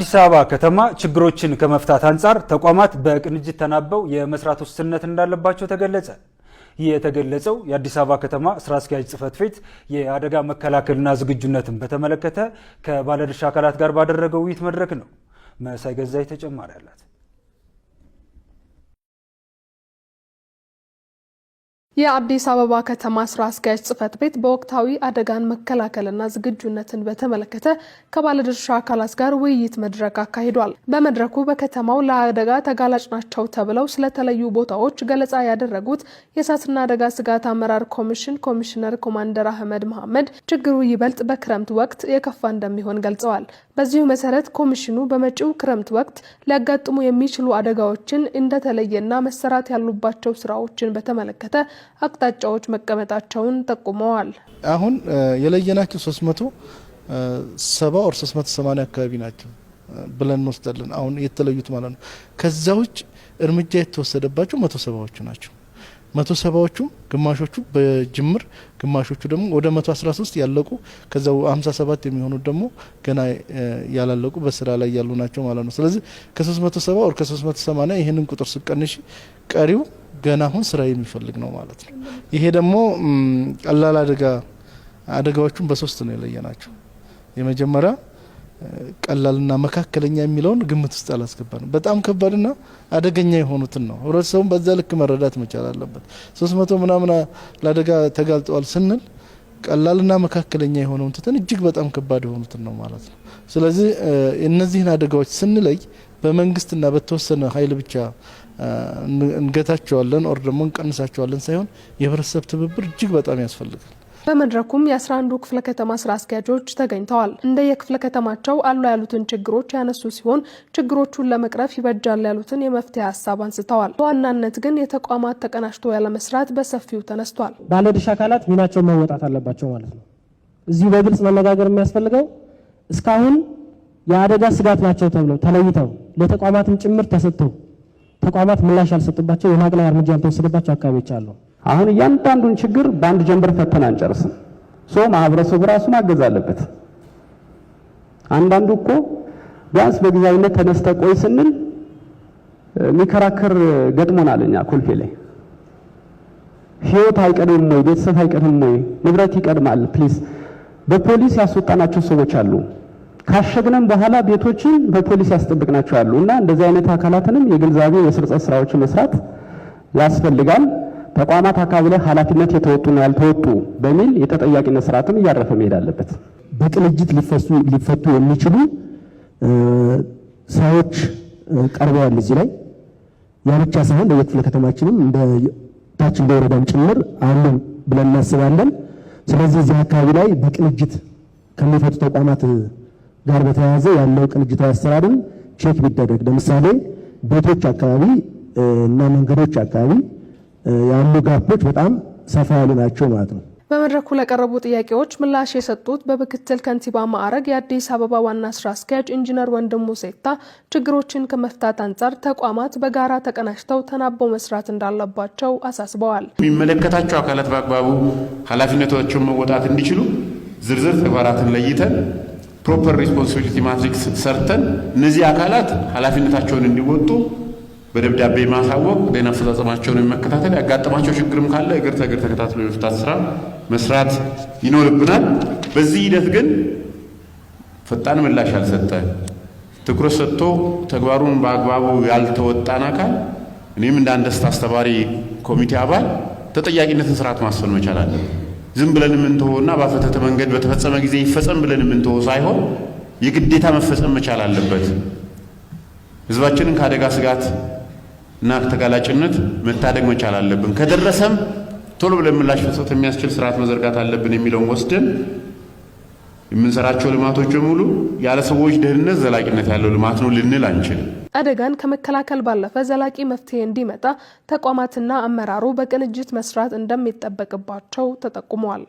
የአዲስ አበባ ከተማ ችግሮችን ከመፍታት አንጻር ተቋማት በቅንጅት ተናበው የመስራት ውስንነት እንዳለባቸው ተገለጸ። ይህ የተገለጸው የአዲስ አበባ ከተማ ስራ አስኪያጅ ጽህፈት ቤት የአደጋ መከላከልና ዝግጁነትን በተመለከተ ከባለድርሻ አካላት ጋር ባደረገው ውይይት መድረክ ነው። መሳይ ገዛይ ተጨማሪ አላት። የአዲስ አበባ ከተማ ስራ አስኪያጅ ጽህፈት ቤት በወቅታዊ አደጋን መከላከልና ዝግጁነትን በተመለከተ ከባለድርሻ አካላት ጋር ውይይት መድረክ አካሂዷል። በመድረኩ በከተማው ለአደጋ ተጋላጭ ናቸው ተብለው ስለተለዩ ቦታዎች ገለጻ ያደረጉት የእሳትና አደጋ ስጋት አመራር ኮሚሽን ኮሚሽነር ኮማንደር አህመድ መሐመድ ችግሩ ይበልጥ በክረምት ወቅት የከፋ እንደሚሆን ገልጸዋል። በዚሁ መሰረት ኮሚሽኑ በመጪው ክረምት ወቅት ሊያጋጥሙ የሚችሉ አደጋዎችን እንደተለየና መሰራት ያሉባቸው ስራዎችን በተመለከተ አቅጣጫዎች መቀመጣቸውን ጠቁመዋል። አሁን የለየናቸው 300 ሰባ 380 አካባቢ ናቸው ብለን እንወስዳለን። አሁን የተለዩት ማለት ነው። ከዛ ውጭ እርምጃ የተወሰደባቸው መቶ ሰባዎቹ ናቸው። መቶ ሰባዎቹ ግማሾቹ በጅምር ግማሾቹ ደግሞ ወደ መቶ 13 ያለቁ ከዛው 57 የሚሆኑት ደግሞ ገና ያላለቁ በስራ ላይ ያሉ ናቸው ማለት ነው። ስለዚህ ከ370 ወር ከ380 ይህንን ቁጥር ስቀንሽ ቀሪው ገና አሁን ስራ የሚፈልግ ነው ማለት ነው። ይሄ ደግሞ ቀላል አደጋ አደጋዎቹን በሶስት ነው የለየ ናቸው። የመጀመሪያ ቀላልና መካከለኛ የሚለውን ግምት ውስጥ አላስገባንም። በጣም ከባድና አደገኛ የሆኑትን ነው። ህብረተሰቡን በዛ ልክ መረዳት መቻል አለበት። ሶስት መቶ ምናምን ለአደጋ ተጋልጠዋል ስንል ቀላልና መካከለኛ የሆነውን ትተን እጅግ በጣም ከባድ የሆኑትን ነው ማለት ነው። ስለዚህ እነዚህን አደጋዎች ስንለይ በመንግስትና በተወሰነ ኃይል ብቻ እንገታቸዋለን ኦር ደግሞ እንቀንሳቸዋለን ሳይሆን የህብረተሰብ ትብብር እጅግ በጣም ያስፈልጋል። በመድረኩም የአስራ አንዱ ክፍለ ከተማ ስራ አስኪያጆች ተገኝተዋል። እንደ የክፍለ ከተማቸው አሉ ያሉትን ችግሮች ያነሱ ሲሆን ችግሮቹን ለመቅረፍ ይበጃል ያሉትን የመፍትሄ ሀሳብ አንስተዋል። በዋናነት ግን የተቋማት ተቀናጅቶ ያለመስራት በሰፊው ተነስቷል። ባለድርሻ አካላት ሚናቸው መወጣት አለባቸው ማለት ነው። እዚሁ በግልጽ መነጋገር የሚያስፈልገው እስካሁን የአደጋ ስጋት ናቸው ተብለው ተለይተው ለተቋማትም ጭምር ተሰጥተው ተቋማት ምላሽ ያልሰጡባቸው የማቅለያ እርምጃ ያልተወሰደባቸው አካባቢዎች አሉ። አሁን እያንዳንዱን ችግር በአንድ ጀንበር ፈተን አንጨርስም። ሶ ማህበረሰቡ ራሱ ማገዝ አለበት። አንዳንዱ እኮ ቢያንስ በጊዜያዊነት ተነስተ ቆይ ስንል ሚከራከር ገጥሞናል። እኛ ኮልፌ ላይ ህይወት አይቀድምም ወይ? ቤተሰብ አይቀድምም ወይ? ንብረት ይቀድማል። ፕሊስ በፖሊስ ያስወጣናቸው ሰዎች አሉ። ካሸግነም በኋላ ቤቶችን በፖሊስ ያስጠብቅናቸው አሉ እና እንደዚህ አይነት አካላትንም የግንዛቤ የስርጸት ስራዎችን መስራት ያስፈልጋል። ተቋማት አካባቢ ላይ ኃላፊነት የተወጡና ያልተወጡ በሚል የተጠያቂነት ስርዓትም እያረፈ መሄድ አለበት። በቅንጅት ሊፈቱ የሚችሉ ስራዎች ቀርበዋል። እዚህ ላይ ያ ብቻ ሳይሆን በየክፍለ ከተማችንም ታች በወረዳም ወረዳም ጭምር አሉ ብለን እናስባለን። ስለዚህ እዚህ አካባቢ ላይ በቅንጅት ከሚፈቱ ተቋማት ጋር በተያያዘ ያለው ቅንጅታዊ አሰራርን ቼክ ቢደረግ፣ ለምሳሌ ቤቶች አካባቢ እና መንገዶች አካባቢ ያሉ ጋፖች በጣም ሰፋ ያሉ ናቸው ማለት ነው። በመድረኩ ለቀረቡ ጥያቄዎች ምላሽ የሰጡት በምክትል ከንቲባ ማዕረግ የአዲስ አበባ ዋና ስራ አስኪያጅ ኢንጂነር ወንድሙ ሴታ ችግሮችን ከመፍታት አንጻር ተቋማት በጋራ ተቀናጅተው ተናበው መስራት እንዳለባቸው አሳስበዋል። የሚመለከታቸው አካላት በአግባቡ ኃላፊነቶችን መወጣት እንዲችሉ ዝርዝር ተግባራትን ለይተን ፕሮፐር ሪስፖንሲቢሊቲ ማትሪክስ ሰርተን እነዚህ አካላት ኃላፊነታቸውን እንዲወጡ በደብዳቤ ማሳወቅ ዜና አፈጻጸማቸውን መከታተል፣ ያጋጠማቸው ችግርም ካለ እግር ተእግር ተከታትሎ የመፍታት ስራ መስራት ይኖርብናል። በዚህ ሂደት ግን ፈጣን ምላሽ ያልሰጠ ትኩረት ሰጥቶ ተግባሩን በአግባቡ ያልተወጣን አካል እኔም እንደ አንደስት አስተባሪ ኮሚቴ አባል ተጠያቂነትን ስርዓት ማስፈን መቻል አለን። ዝም ብለን እና ባፈተተ መንገድ በተፈጸመ ጊዜ ይፈጸም ብለን የምንትሆ ሳይሆን የግዴታ መፈጸም መቻል አለበት። ህዝባችንን ከአደጋ ስጋት እና ተጋላጭነት መታደግ መቻል አለብን። ከደረሰም ቶሎ ብለን ምላሽ መስጠት የሚያስችል ስርዓት መዘርጋት አለብን የሚለውን ወስደን የምንሰራቸው ልማቶች በሙሉ ያለ ሰዎች ደህንነት ዘላቂነት ያለው ልማት ነው ልንል አንችልም። አደጋን ከመከላከል ባለፈ ዘላቂ መፍትሄ እንዲመጣ ተቋማትና አመራሩ በቅንጅት መስራት እንደሚጠበቅባቸው ተጠቁመዋል።